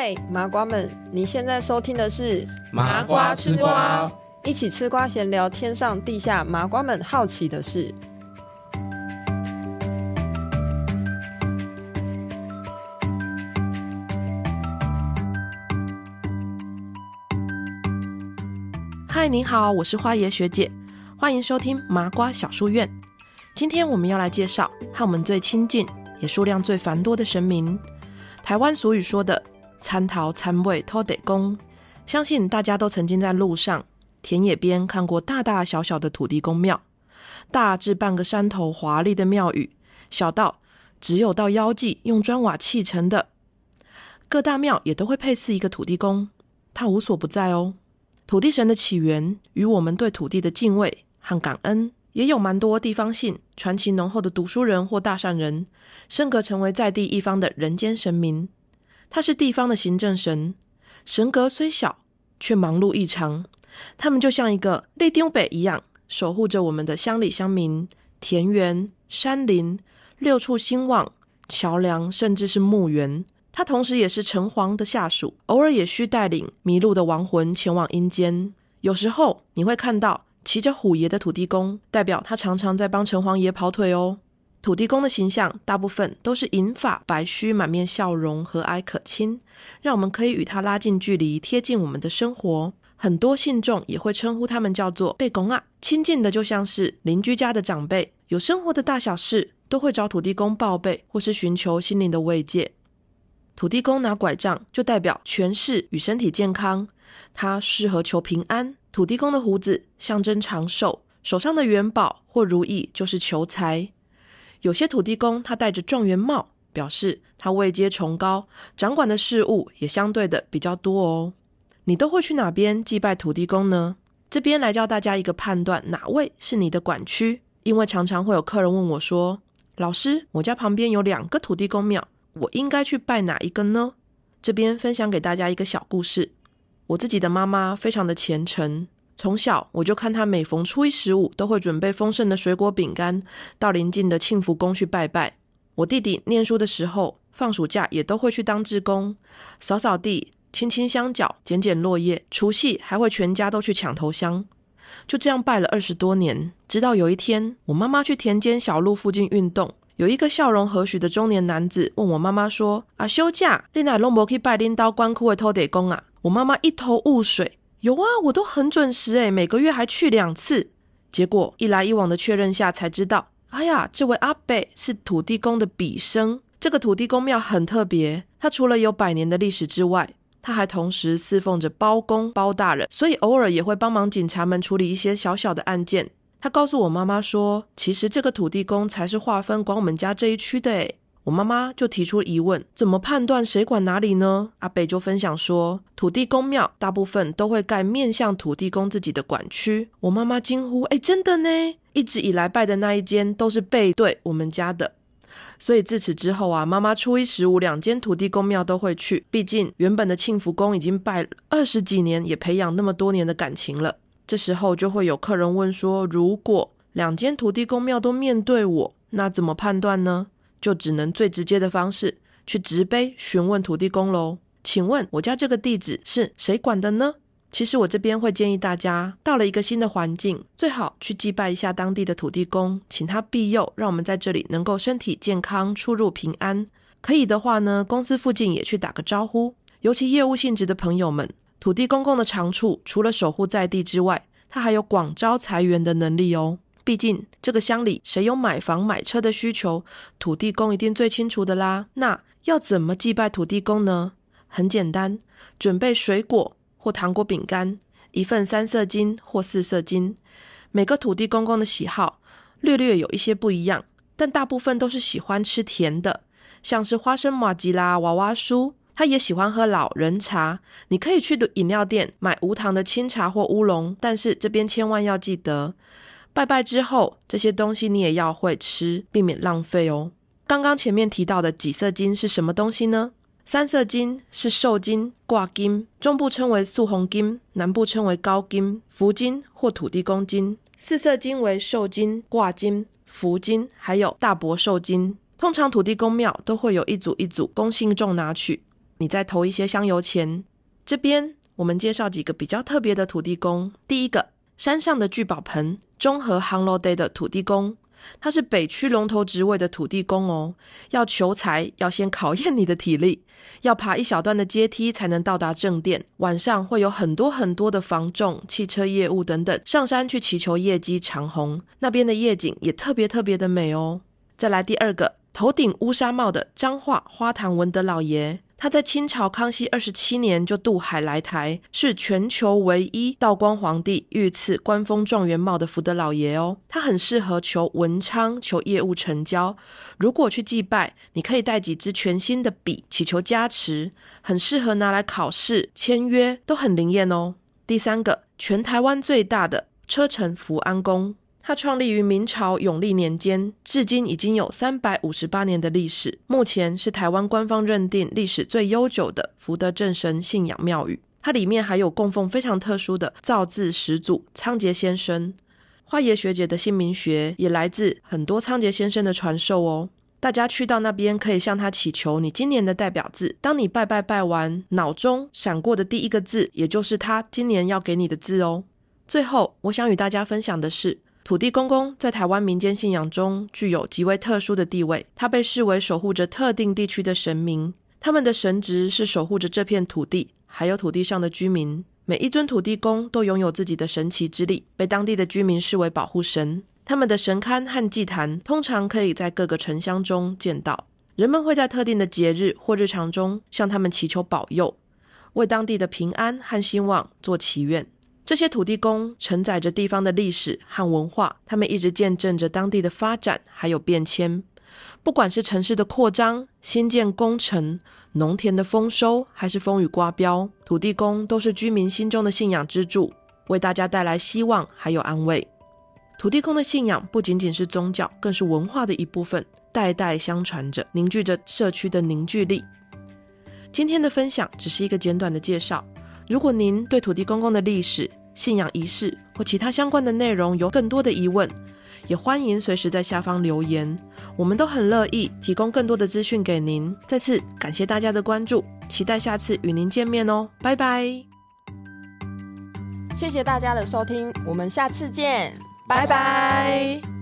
嗨，麻瓜們！你現在收聽的是《麻瓜吃瓜》，一起吃瓜閒聊天上地下，麻瓜們好奇的事。嗨，您好，我是花爺學姐，歡迎收聽《麻瓜小書院》。今天我們要來介紹和我們最親近也數量最繁多的神明。台灣俗語說的，田頭田尾土地公，相信大家都曾經在路上、田野邊看過大大小小的土地公廟。大至半個山頭華麗的廟宇，小到只有到腰際用磚瓦砌成的。各大廟也都會配祀一個土地公，他無所不在哦。土地神的起源與我們對土地的敬畏和感恩，也有蠻多地方性傳奇濃厚的讀書人或大善人，升格成為在地一方的人間神明。他是地方的行政神，神格雖小，卻忙碌異常。他們就像一個里長伯一樣，守護着我們的鄉里鄉民、田園、山林、六畜興旺、橋樑，甚至是墓園。他同時也是城隍的下屬，偶爾也需帶領迷路的亡魂前往陰間。有時候你會看到騎着虎爺的土地公，代表他常常在幫城隍爺跑腿哦。土地公的形象大部分都是銀髮白鬚，滿面笑容，和藹可親，讓我們可以與他拉近距離，貼近我們的生活。很多信眾也會稱呼他們叫做“伯公啊”，親近的就像是鄰居家的長輩。有生活的大小事，都會找土地公報備，或是尋求心靈的慰藉。土地公拿拐杖，就代表權勢與身體健康。他適合求平安。土地公的鬍子象徵長壽，手上的元寶或如意就是求財。有些土地公他戴着狀元帽，表示他位階崇高，掌管的事物也相對的比較多哦。你都會去哪邊祭拜土地公呢？這邊來教大家一個判斷，哪位是你的管區。因為常常會有客人問我說：“老師，我家旁邊有兩個土地公廟，我應該去拜哪一個呢？”這邊分享給大家一個小故事。我自己的媽媽非常的虔誠。從小我就看他每逢初一十五都會準備豐盛的水果餅乾，到鄰近的慶福宮去拜拜。我弟弟念書的時候，放暑假也都會去當志工，掃掃地、清清香腳、撿撿落葉。除夕還會全家都去搶頭香。就這樣拜了二十多年，直到有一天，我媽媽去田間小路附近運動，有一個笑容和煦的中年男子問我媽媽說：“啊，休假，恁阿攏無去拜拎刀官窟的土地公啊？”我媽媽一頭霧水。有啊，我都很準時誒，每個月還去兩次。結果一來一往的確認下，才知道，哎呀，這位阿伯是土地公的筆生。這個土地公廟很特別，它除了有百年的歷史之外，它還同時侍奉着包公、包大人，所以偶爾也會幫忙警察們處理一些小小的案件。他告訴我媽媽說，其實這個土地公才是劃分管我們家這一區的誒。我媽媽就提出疑問：怎麼判斷誰管哪裡呢？阿北就分享說，土地公廟大部分都會蓋面向土地公自己的管區。我媽媽驚呼：“哎、欸，真的呢！一直以來拜的那一間都是背對我們家的。”所以自此之後啊，媽媽初一十五兩間土地公廟都會去。畢竟原本的慶福宮已經拜了二十幾年，也培養那麼多年的感情了。這時候就會有客人問說：如果兩間土地公廟都面對我，那怎麼判斷呢？就只能最直接的方式去擲杯詢問土地公嘍。請問我家這個地址是誰管的呢？其實我這邊會建議大家，到了一個新的環境，最好去祭拜一下當地的土地公，請他庇佑，讓我們在這裡能夠身體健康、出入平安。可以的話呢，公司附近也去打個招呼，尤其業務性質的朋友們。土地公公的長處，除了守護在地之外，他還有廣招財源的能力哦。畢竟這個鄉里誰有買房買車的需求，土地公一定最清楚的啦。那要怎麼祭拜土地公呢？很簡單，準備水果或糖果、餅乾一份三色金或四色金。每個土地公公的喜好略略有一些不一樣，但大部分都是喜歡吃甜的，像是花生麻吉啦、娃娃酥。他也喜歡喝老人茶，你可以去的飲料店買無糖的清茶或烏龍。但是這邊千萬要記得。拜拜之後，這些東西你也要會吃，避免浪費哦。剛剛前面提到的幾色金是什麼東西呢？三色金是壽金、掛金，中部稱為素紅金，南部稱為高金、福金或土地公金。四色金為壽金、掛金、福金，還有大伯壽金。通常土地公廟都會有一組一組供信眾拿取，你再投一些香油錢。這邊我們介紹幾個比較特別的土地公。第一個，山上的聚寶盆。中和烘爐地的土地公，他是北區龍頭職位的土地公哦。要求財要先考驗你的體力，要爬一小段的階梯才能到達正殿。晚上會有很多很多的房仲汽車業務等等，上山去祈求業績長紅。那邊的夜景也特別特別的美哦。再來第二個，頭頂烏紗帽的彰化花壇文德老爺。他在清朝康熙二十七年就渡海來台，是全球唯一道光皇帝御賜官封狀元帽的福德老爺哦。他很適合求文昌、求業務成交。如果去祭拜，你可以帶幾支全新的筆祈求加持，很適合拿來考試、簽約，都很靈驗哦。第三個，全台灣最大的車城福安宮。它創立於明朝永曆年間，至今已經有三百五十八年的歷史。目前是台灣官方認定歷史最悠久的福德正神信仰廟宇。它裡面還有供奉非常特殊的造字始祖倉頡先生。花爺學姐的姓名學也來自很多倉頡先生的傳授哦。大家去到那邊可以向他祈求你今年的代表字。當你拜拜拜完，腦中閃過的第一個字，也就是他今年要給你的字哦。最後，我想與大家分享的是，土地公公在台灣民間信仰中具有極為特殊的地位，他被視為守護着特定地區的神明。他們的神職是守護着這片土地，還有土地上的居民。每一尊土地公都擁有自己的神奇之力，被當地的居民視為保護神。他們的神龕和祭壇通常可以在各個城鄉中見到，人們會在特定的節日或日常中向他們祈求保佑，為當地的平安和興旺做祈願。這些土地公承載着地方的歷史和文化，他們一直見證着當地的發展還有變遷。不管是城市的擴張、新建工程、農田的豐收，還是風雨刮標，土地公都是居民心中的信仰支柱，為大家帶來希望還有安慰。土地公的信仰不僅僅是宗教，更是文化的一部分，代代相傳着，凝聚着社區的凝聚力。今天的分享只是一個簡短的介紹。如果您對土地公公的歷史、信仰、儀式或其他相關的內容有更多的疑問，也歡迎隨時在下方留言，我們都很樂意提供更多的資訊給您。再次感謝大家的關注，期待下次與您見面哦，拜拜！謝謝大家的收聽，我們下次見，拜拜。拜拜。